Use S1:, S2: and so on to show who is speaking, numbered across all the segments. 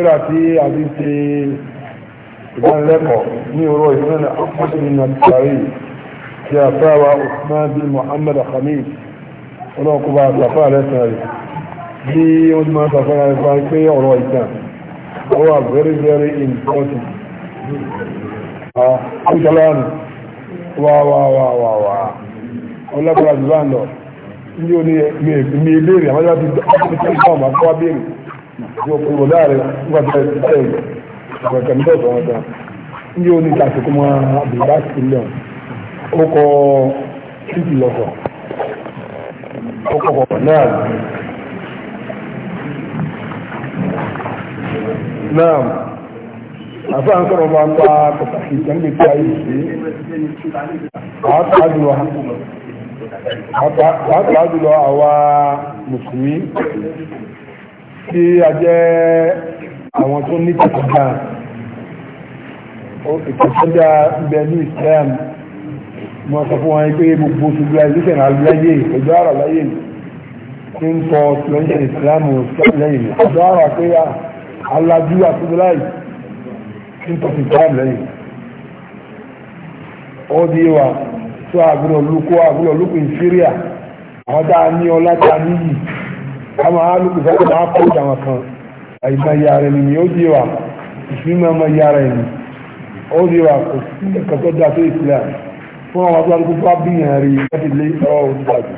S1: nígbà tí a ti ṣe ìdánilẹ́kọ̀ọ́ ní oró ìsinmi ọkùnrin na tàrí tí a Usman bin Muhammad Khamis ọlọ́kùnbà àtàfà lẹ́sàn bí wọ́n ti máa tàfà rẹ̀ pé ọ̀rọ̀ ìtàn ó wà very very important àkújọlọ́nù wà wà ní ilé ìrìn àmọ́jọ́ ti dọ́kùnrin tó yóò kúrò láàrin gbàgbé ẹ̀ gbàgbé ní ọ̀sán ọ̀gá ní yóò ní ìtàsíkú mọ́ àbúrò sílẹ̀ ó kọ títì lọ́kọ̀ ó kọ kọ̀kọ̀ náà náà àfẹ́ àwọn sọ̀rọ̀ ń bá pàtàkì tí a yìí sí pàápàá jùlọ àwa mùsùlùmí tí a jẹ́ àwọn tó ní kàkàkà ìkàkàkà bẹ ní Islam wọ́n sọ fún wọn pé gbogbo civilization aláyé ìjọ ara láyé tí ń sọ lẹ́yìn Islam lẹ́yìn ìjọ ara pé alájú àtúndúláì tí ń sọ Islam lẹ́yìn ó di wa tó àgúrò lókó àgúrò lókó inferior àwọn tá a ní ọlá tá a níyì káwọn alùpùpù sáré máa kó ìjàmà kan àyíká ya rẹ̀ nìyí ó di wa ìsinmi ọmọ ya rẹ̀ ni ó di wa kò sí ẹ̀kọ́ tó da tó Islam fún àwọn tó alùpùpù bá bí yàn rí láti lé ọwọ́ òdìdàjù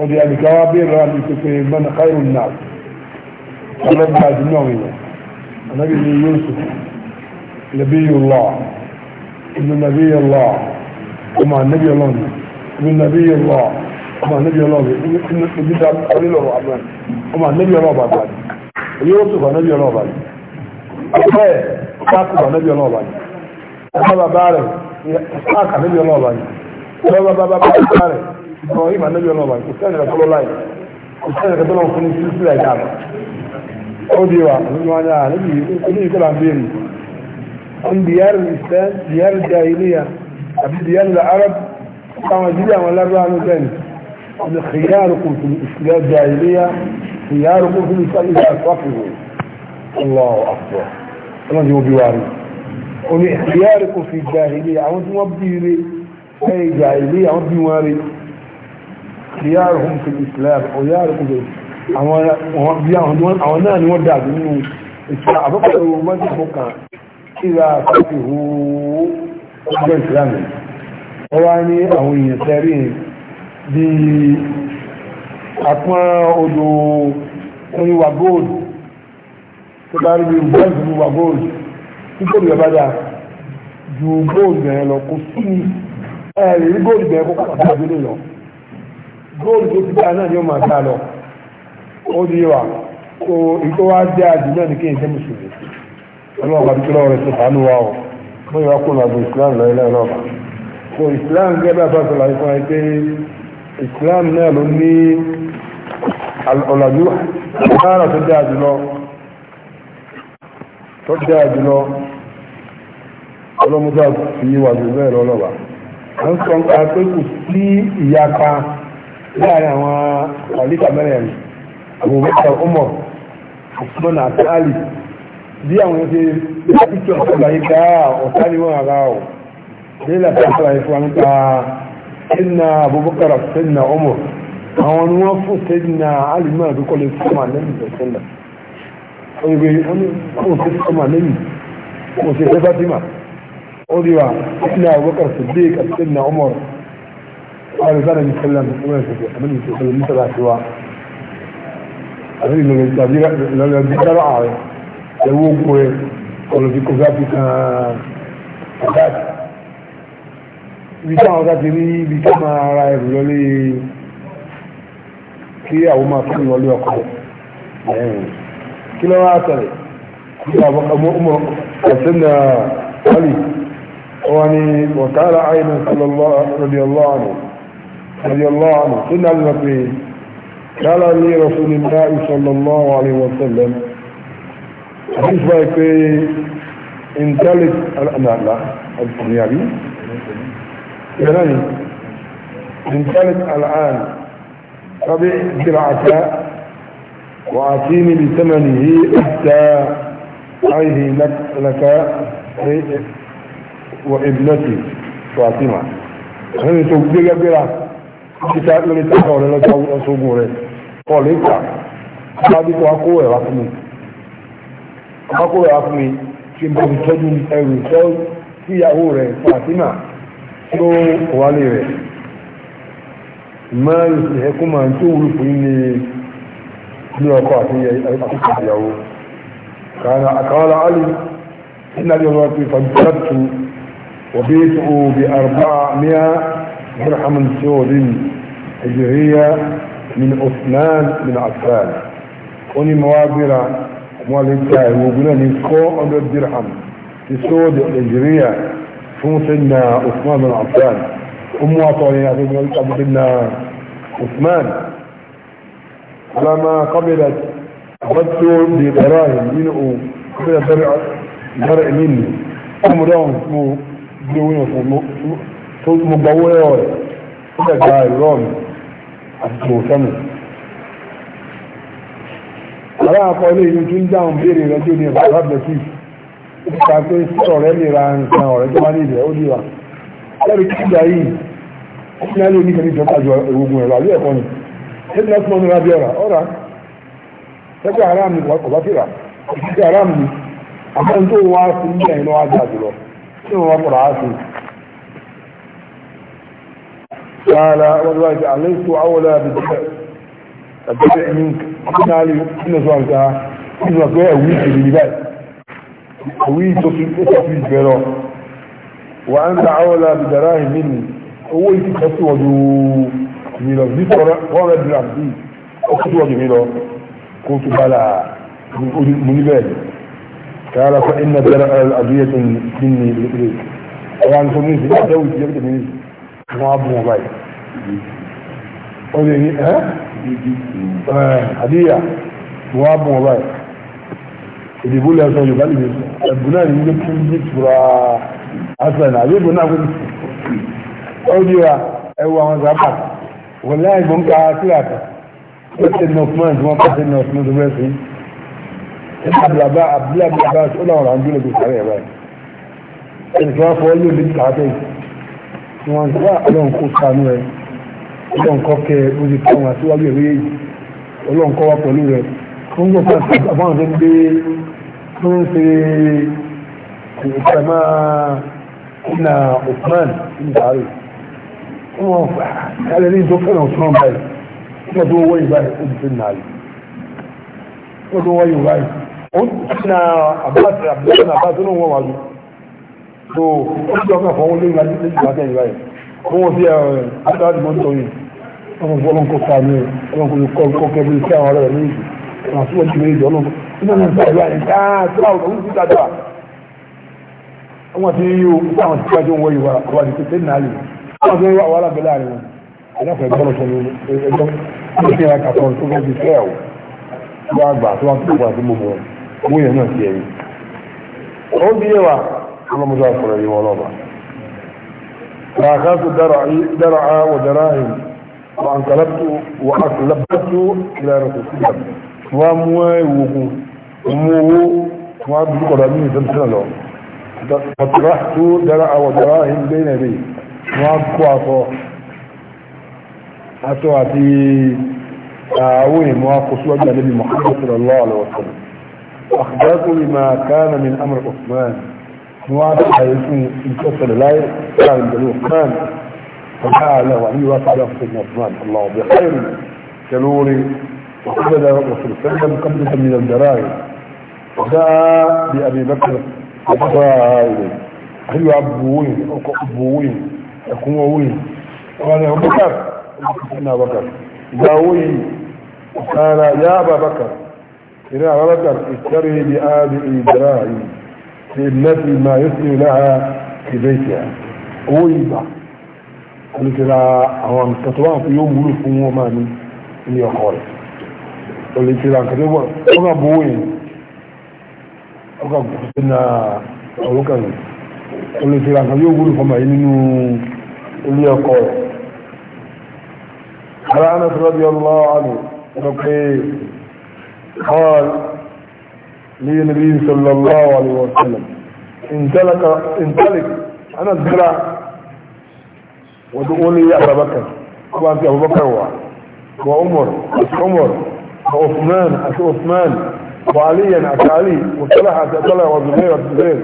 S1: ọdí àlùkà wa bí ìrora ní pípé mọ́nà káìrò náà ọlọ́gbà àdúgbò àwọn èèyàn ànábì ní Yusuf nabiyullah ibn nabiyullah ọmọ ànábì ọlọ́run ibn nabiyullah ọmọ anabi ọlọ́ọ̀bẹ ojúdá onílọ̀rọ̀ abúlé ọmọ anabi ọlọ́ọ̀bẹ abúlé èyí ó sùn anabi ọlọ́ọ̀bẹ abúlé ọ̀pẹ́ ọ̀pẹ́ anabi ọlọ́ọ̀bẹ abúlé ọmọ bàbá rẹ̀ ọ̀pẹ́ anabi ọlọ́ọ̀bẹ abúlé ọmọ bàbá bàbá rẹ̀ ìbọ̀wọ̀n anabi ọlọ́ọ̀bẹ kò sẹ́ni rẹ̀ tọ́lọ́ láì kò sẹ́ni rẹ̀ tọ́lọ́ fún ní sísílẹ̀ ìdá ó di wa ọmọnyá anabi ọdún yìí kọ́lá ń béèrè ọ̀n diyarul islam diyarul jahiliya àbí diyarul arab àwọn ìdílé àwọn lábẹ́ àwọn sẹ́ni أن خياركم في الإسلام الجاهلية خياركم في الإسلام إذا أشركوا الله أكبر الله يوم بيواري ومن خياركم في الجاهلية عمد مبديري أي جاهليه عمد بيواري خيارهم في الإسلام خياركم في الإسلام àwọn náà ni wọ́n dàbí nínú ìsìnà àbọ́kọ̀ ìwọ̀n mọ́jì fún kan ọwá ní àwọn èèyàn tẹ́rí bí àpọn odò oríwà gold tó bá rí bí bẹ́ẹ̀sì oríwà gold tí kò rí ọba dà ju gold bẹ̀rẹ̀ lọ kò sí ní ẹ̀rí rí gold bẹ̀rẹ̀ kó pàtàkì àgbélé lọ gold tó ti dáa náà ni ó máa dá lọ ó di wà tó ìtọ́ wá jẹ́ àjù náà ní kí n jẹ́ mùsùlùmí ọlọ́run bá dúpẹ́ lọ́wọ́ rẹ̀ tó wa o wọ́n yọ ọkùnrin àbò ìsìlámù lọ́yẹ́lẹ́ ọlọ́ba so ìsìlámù gẹ́gẹ́ bá bá sọ̀rọ̀ àyíkọ́ ẹ islam náà ló ní ọ̀làjú ààrà tó dáa jùlọ tó dáa jùlọ ọlọ́mọdé àti ìwàjú bẹ́ẹ̀ lọ́lọ́wà à ń sọ nípa pé kò sí ìyapa láàrin àwọn àlíkà mẹ́rẹ̀ẹ̀rin àwọn mẹ́ta ọmọ ọ̀sán àti àlì bí àwọn ṣe píkítọ̀ ọ̀sán àyíká ọ̀sán ni wọ́n ara ọ̀ nílẹ̀ tó ń sọ̀rọ̀ ìfowópamọ́ sẹ́nà abubakar sẹ́nà ọmọ àwọn ni wọ́n fún sẹ́nà alìmọ́ àdúkọ́ lè sọ́mà lẹ́yìn sẹ́nà ọ̀rẹ́ wọn fún sọ́mà lẹ́yìn wọn sì fẹ́ fatima ọdíwà sẹ́nà abubakar siddiq àti sẹ́nà ọmọ alìsára ní sẹ́nà ọmọ ìṣẹ̀lẹ̀ àmì ìṣẹ̀lẹ̀ ní sẹ́nà àtiwá àti ìlọ̀lẹ̀ ìdára ààrẹ ẹ̀wọ́ ogun rẹ̀ ọ̀lọ́fikọ́ fẹ́ àfikàn àdáàtì ibi táwọn ti rí ibi tó máa ra ẹrù lọlé kí àwọn máa fún ìwọlé ọkọ kí ló wá kí àwọn ọmọ ọmọ ẹ̀sẹ̀ náà wálé wọn ni wọ̀tàrà àyìn sọlọ́lọ́ radiyallahu anhu náà lọ pé kálá ní rasulillahi sallallahu alaihi wa sallam àdìsí báyìí pé intanet alàmàlà àti ìyàrí إذن من ثالث الآن ربع درعك وأعطيني بثمنه حتى عيه لك, لك وابنتي فاطمة هني تبدي بلا كتاب اللي تحول لك أصبوري قولي كا هذه أقوى رقمي أقوى رقمي كم تجن أوي سو في يهوري فاطمة tó wálé rẹ̀ máa ń sì ẹkú máa ń tó wúlò fún ní ilé ọkọ̀ àti àkókò ìyàwó kàánà àkàwàlà alì iná jẹ́ wọ́n ti fàbíkàtù وبيته بأربعمائة درهم سعودي هجرية من عثمان بن عفان وني موابرة مولد وقلنا نسخو 100 درهم سعودي هجرية fún sẹ́yìnà Usman bin Affan ó mú àtọ̀ ní àti ìgbìmọ̀ ìta bó sẹ́yìnà Usman alama kọ́bílẹ̀ àbẹ́tò di ẹ̀rọ nínú o kọ́bílẹ̀ bẹ̀rẹ̀ nínú ó mú dáhùn mo gbé wọn fún tó mo gbàwó ẹ̀rọ rẹ̀ ó dẹ̀ gba ìrọ̀ mi àti tòótọ́mù aláàkọ́ ilé ìlú tún dáhùn béèrè rẹ̀ tó ní ẹ̀bà rábẹ̀kì nípa pé sọ̀rẹ́ lè ra nǹkan ọ̀rẹ́ tó bá ní ilẹ̀ ó lè wà lẹ́rù kí ìjà yìí ó fi náà lè ní kẹ́lí ìjọba ìwògùn ẹ̀rọ àbí ẹ̀kọ́ ni ọ̀rà ọ̀rà aráàmù ni kò bá fìrà aráàmù ni tó wá sí ní ẹ̀yìn lọ́wọ́ ajá jùlọ wọ́n á sí. wọ́n wá àlẹ́ òwú tó fi ó fi bẹ̀ lọ wà á ń ta àwọn ọ̀la bìdàrà ìmí ni owó yìí kọ́ sí wọ́n ju mi lọ bí sọ̀rọ̀ one hundred gram bíi ó kọ́ sí wọ́n ju mi lọ kó tó bá la mo ní bẹ́ẹ̀ fún iná bẹ̀rẹ̀ àdúyẹ tó ní ní ìlú ọ̀la ní sọ́mú ìsìn ìdájọ́ ìsìn ìjẹ́bí tèmi wọ́n á bù wọn báyìí ó lè ẹ́ àdíyà wọ́n á bù wọn báyìí ìdìbò lè sọ yorùbá lè ẹ̀bùn náà nílé kí ní ìtura asẹ̀nà àbí ìbò náà fún ọ di wa ẹwọ àwọn sábà wọlé àìgbọ́n ká sílàtà ó ti nà fún ẹ̀ tí wọ́n pàṣẹ nà fún ọdún mẹ́sì ìdàbàbà àbúlé àbúlé ó náà rà ń dúró lóko sáré ẹ̀rọ ẹ̀ ẹ̀sìn wọn fọwọ́ yóò di kàáfẹ́ tí wọ́n sọ ọlọ́run kó sánú ẹ̀ ọlọ́run kọ́ kẹ́ ẹ̀ ó ti kọ́ wọn síwájú ẹ̀rọ yìí ọlọ́run kọ́ wa pẹ̀lú rẹ̀ wọ́n jẹ́ sọ́ọ̀tì àbọ̀n tó ń gbé tó ń ṣe ìpamọ́ ìnà Usman ìdàrú wọ́n fà kálẹ̀ ní ìdókòrò Usman báyìí wọ́n tó wọ́ ìgbà rẹ̀ ojú tó nàlẹ̀ wọ́n tó wọ́ ìgbà rẹ̀ ó ti na àbúrò àbúrò náà bá tó ń wọ́n wájú so ó ti ọkọ̀ fọwọ́ lórí ìgbà tó ń gbà tẹ̀ ìgbà rẹ̀ wọ́n wọ́n fi àdáàdìmọ́ tó yìí wọ́n fọ́ ọlọ́nkọ́ sáà ní àwọn àti wọn ti mẹ́rin jọ náà nígbà náà nígbà ìlú àyè ṣáà tó àwọn òun ti dájọ́ à àwọn àti ti gbájú wọ ìwà àwọn àti tètè náà lè àwọn àti wọn wà lábẹ́lẹ́ àrẹ wọn ẹ̀dáfẹ́ ti ra kàtọ́ tó fẹ́ fi fẹ́ ọ̀ tó àgbà tó wà tó ti ẹ̀yìn. ó فأخذت درعا ودراهم وأنقلبت وأقلبت إلى رسول الله wọ́n mú ìwògùn mú owó wọ́n dúdú kọ̀dọ̀ ní ìsẹ́mùsẹ́nà lọ ọ̀tọ̀rá tó dára àwọ̀dọ̀rá ìhìn bẹ́ẹ̀ nẹ̀ bẹ́ẹ̀ wọ́n kó aṣọ aṣọ àti àwọn ìmọ̀ akọ̀sí ọjà níbi Muhammad sallallahu alaihi wa sallam akhbartu bima kana min amr Uthman wọ́n á ṣàyè fún ìtọ́sẹ̀lẹ̀ láyé láàrin pẹ̀lú Uthman ọ̀gá àlẹ́ wà ní ìwà sàlẹ̀ fún Uthman Allah ọ̀bẹ̀ وقبل رسول صلى الله عليه وسلم قبلها من الجرائم ودعا بأبي بكر ودعا إليه أخيه أبوين أو أبوين أبوين وقال يا بكر أنا بكر داوي قال يا أبا بكر إلى أبا بكر اشتري بآبئ بآبئي في التي ما يسمي لها في بيتها ويبا قلت لها هو مستطوان في يوم ولو فمو مامي اللي يخالف pẹ̀lú ìtura nǹkan tó wọ́n kà bó yìí wọ́n kà kó sínú ọ̀rọ̀ kan pẹ̀lú ìtura nǹkan yóò wúlò fọmọ yìí nínú ilé ọkọ rẹ̀. ara ana sọ̀rọ̀ bí ọlọ́ àlù sọ pé قال لي النبي صلى الله عليه وسلم انطلق انطلق انا الزرع ودعوني يا ابا بكر طبعا ابو بكر وعمر عمر عثمان أتى عثمان وعليا أتى علي وطلحة أتى طلحة وزبير أتى زبير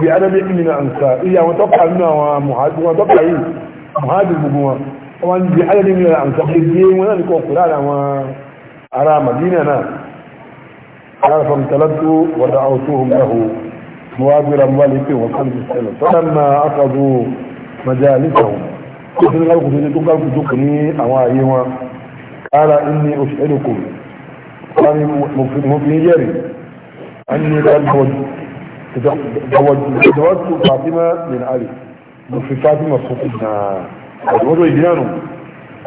S1: بأدب من الأنصار إيا وتبقى لنا ومهاجر وتقع إيه مهاجر بقوة طبعا بأدب من الأنصار إيه وانا نكون قرانا وأرى مديننا قال فامتلت ودعوتهم له مواجر مالك وقلب السلام فلما أخذوا مجالسهم قلت لك قلت لك قلت لك قلت قال إني أشهدكم قال مفهوم يري أني لا أتزوج تزوجت فاطمة بن علي في فاطمة صوتنا تزوجوا إجيانه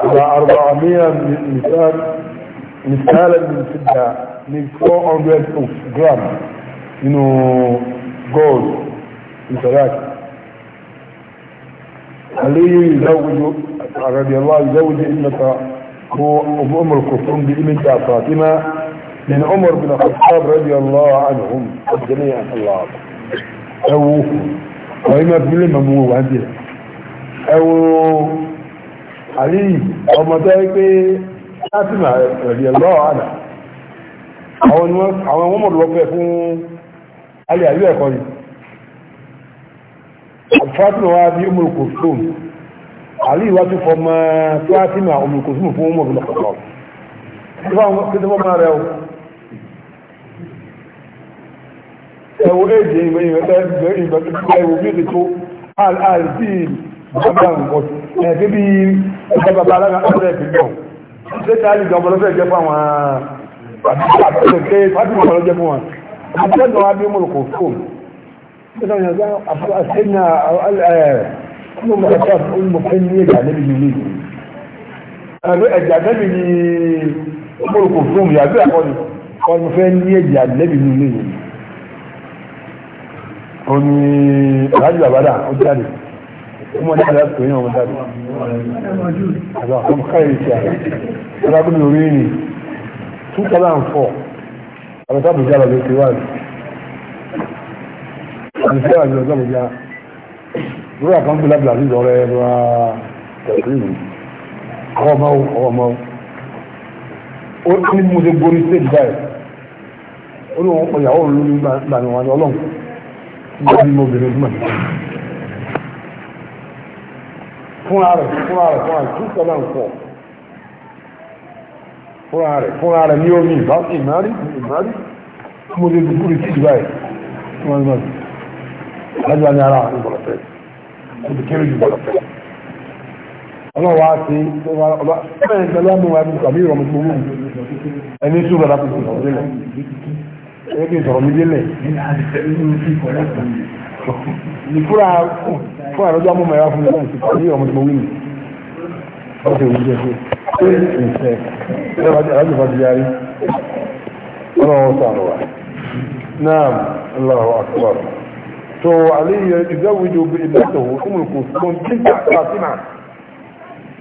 S1: على أربعمية مثال مثالا من سدة من 400 جرام منه جولد مثالات علي يزوج رضي الله يزوج ابنة هو أبو أم الكفرون بإمن فاطمة من عمر بن الخطاب رضي الله عنهم جميعا الله أو وإما بل ممو وعندنا أو علي أو ذلك فاطمة رضي الله عنه àwọn àwọn ọmọ lọ́pẹ́ fún alẹ́ àríwẹ̀ kọrin àfáàtùnwà bí ó mọ̀ kò fún àlú ìwájú fọmọ fúlátìmọ̀ àwọn ọmọ ìkòsùnmù fún ọmọ ìbílẹ̀ kọ̀ọ̀kan kí ló máa rẹ o ẹwọ èdè ìgbẹ̀wò bí èdè tó àìsí bàbá nǹkan ẹ̀kẹ́ bí ẹgbẹ́ bàbá alága ọ̀rẹ́ ìpínlẹ̀ ṣe ká lè jọmọ lọ́fẹ́ jẹ́ fún àwọn àtẹ́kẹ́ fátímọ̀ lọ́jẹ́ fún wọn àtẹ́kẹ́ ọmọ mọ̀kàtà ọmọ kan ní ẹ̀dà níbi yìí ní àbí ẹ̀dà níbi ní ọmọlùkò fún mi àbí àkọlù ọmọ fẹ́ ní ẹ̀dà níbi ní ilé yìí omi aláàjì bàbádà ó jáde ọmọ ní aláàjì tó yàn ọmọ jáde àbá ọmọ káyọ̀ ìṣe àrà alágúnmi orí ni two thousand and four àbẹ̀tà bùjá lọ́dọ̀ tí wà ní àbẹ̀tà bùjá lọ́dọ̀ bùjá lórí àkàǹtì lábìlà sí ìdọ̀rẹ́ ẹ̀rọ tẹ̀síìlì ọwọ́ ọmọ ọwọ́ ọmọ ó ní mo ṣe borí stage báyìí ó ní wọn pọ̀ ìyàwó òun lórí ìgbà ni wọn ni ọlọ́run nígbà tí mo bèrè fún mi fúnra rẹ̀ fúnra rẹ̀ fúnra rẹ̀ two seven four ní omi ìbá ìmárì ìmárì ṣe borí stage báyìí wọ́n ní ara ìbọ̀lọ́ ibi kéré jù bọ́lọ̀ pẹ̀lú ọlọ́wọ́ á ti ọba ẹ̀rẹ́ ìgbẹ́lẹ́ àmì wa àbí ìrọ̀mù gbogbo ẹni sùn rẹ̀ lápò sọ̀rọ̀ délẹ̀ ẹni kì í sọ̀rọ̀ mi délẹ̀ ìfúra fún àrọ́jọ́ àmúmọ̀ ẹ̀rọ fún mi náà ti pàdé ìrọ̀mù gbogbo mi ọ̀sẹ̀ òun jẹ́ pé ìfẹ́ ẹ̀rọ ìfàdí yarí ọlọ́wọ́ sàrọ̀ wa náà Allahu akbar so علي يزوج بابنته ام الكلثوم تلك فاطمه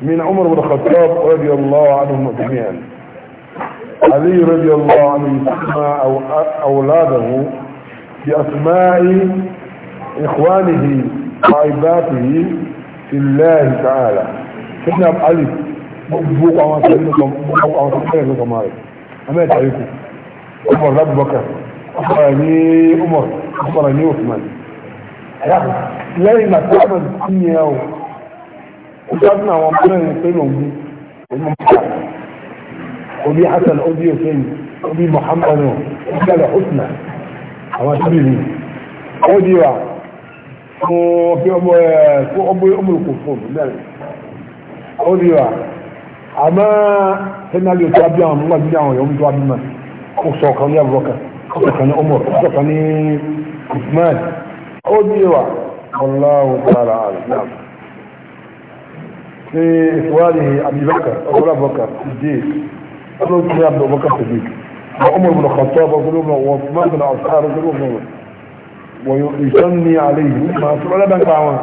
S1: من عمر بن الخطاب رضي الله عنهم جميعا علي رضي الله عنه يسمى اولاده باسماء اخوانه وعباته في الله تعالى سيدنا علي مبوك عما تعلمكم مبوك عما تعلمكم مالك اما يتعلمكم عمر ربك بكر اخبرني عمر اخبرني عثمان
S2: lẹ́yìn
S1: ìgbà tí wọ́n ti kú yẹn o ó sọ́dún àwọn mẹ́rin pé lòun bí òun mọ̀ obi hasan obi hussein obi muhammad obi alhusna àwọn sábì mi ó di wa fún kí ọmọ ẹ fún ọmọ ọmọlùkù fún mẹ́rin ó di wa àmọ́ sẹ́nàlì tó wá bí àwọn ọmọ bí àwọn ọmọ tó wá bí mọ́ ó sọ ọ̀kan ní abubakar ó sọ ọ̀kan ní umar ó sọ ọ̀kan ní usman ó الله تعالى نعم في alam أبي بكر أبو بكر abubakar أبو بكر أبو بكر siddiq وعمر بن الخطاب وقلوبنا وعثمان بن عفان وقلوبنا ويسمي عليه ما سمع لنا بعوان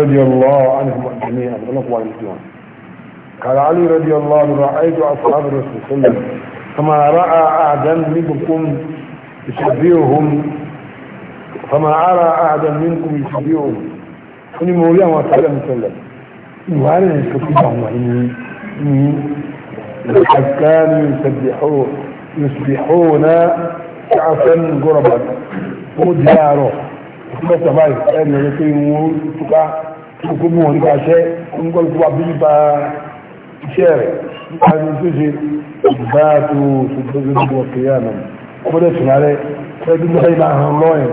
S1: رضي الله عنهم جميعا ونقوى الإسلام قال علي رضي الله عنه رأيت أصحاب الرسول صلى الله عليه وسلم كما رأى أعدا منكم يشبههم فما أرى أحدا منكم يشبعهم فني مولي ما تعالى مسلم يوارد يستطيعهم الحكام يسبحون يسبحون شعفا قربا مديارو kuma tabai ɗan da kai mu tuka ko kuma wani kashe kun gol kuma bi ba shere an tuji ba tu su da zuwa kiyanan kuma da tunare sai duk da ba han loyin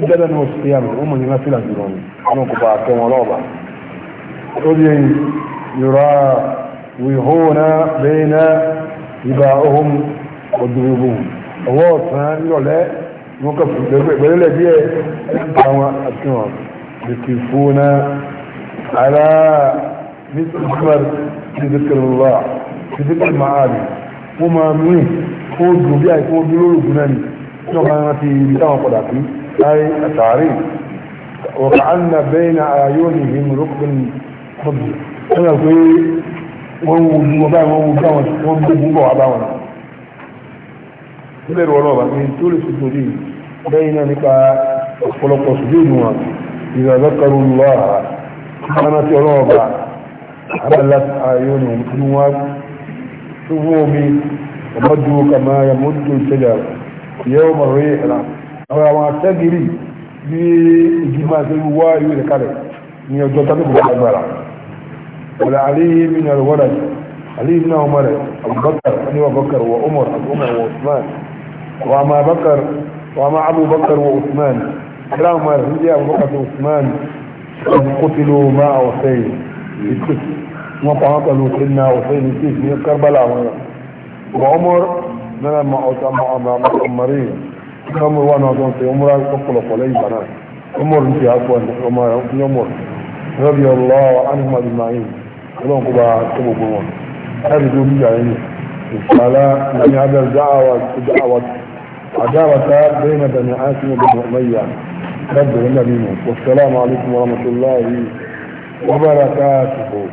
S1: tó jẹ́ lẹ́nu oṣù kí àmì ọmọ yìí máa fìlà jùlọ ní ọmọ kò bá tẹ wọn lọ́ọ̀bà ó di yòrá wìhóná bẹ́ẹ̀ná ìbá ohun ọdúnrúgbùn ọwọ́ ọ̀sán nírọ̀lẹ́ wọn kà fún ìgbẹ́lẹ́lẹ́ díẹ̀ àwọn àti wọn lèkì fúnná alá nítorí ti dìkìrì lọ́wọ́ ti dìkìrì máa rí wọ́n máa mú kó dùn bí àìkó dúró lògùn náà ni tí wọ́n máa rántí ibi táwọn padà sí أي تعريف وقعنا بين عيونهم ركب خبز أنا في وووو وباو وباو وباو وباو وباو وباو وباو وباو وباو وباو وباو وباو وباو وباو وباو وباو àwọn àwọn àtẹ́gìrì bí ìgbìmọ̀ àti wá ìwé rẹ̀ kalẹ̀ ní ọjọ́ tàbí kò gbàgbàrà علي بن عمر ابو بكر ابي بكر وعمر وعثمان وما بكر وما ابو بكر وعثمان لا عمر هي ابو بكر وعثمان قتلوا مع حسين بالكتب وقتلوا سيدنا حسين في كربلاء وعمر من المعمرين ọmọ wa náà tán ṣe ọmọ rà ọ̀pọ̀lọpọ̀ lẹ́yìn bàrà ọmọ rẹ ti àpò ẹni ọmọ rẹ ọmọ ọmọ rẹ rẹbi ọlọ anumadi mayin Ọlọ́run kó bá tó gbogbo wọn láti tó bíjà yẹn ìfàlà ní abẹ dáhàwà tó dáhàwà àdáhàwà tá bẹ́ẹ̀ náà dàní àti ní ọgbọ̀n ọmọyà lẹ́gbẹ̀ẹ́ nígbà mímu wasalaamu alaykum wa rahmatulahi wa barakatuhu.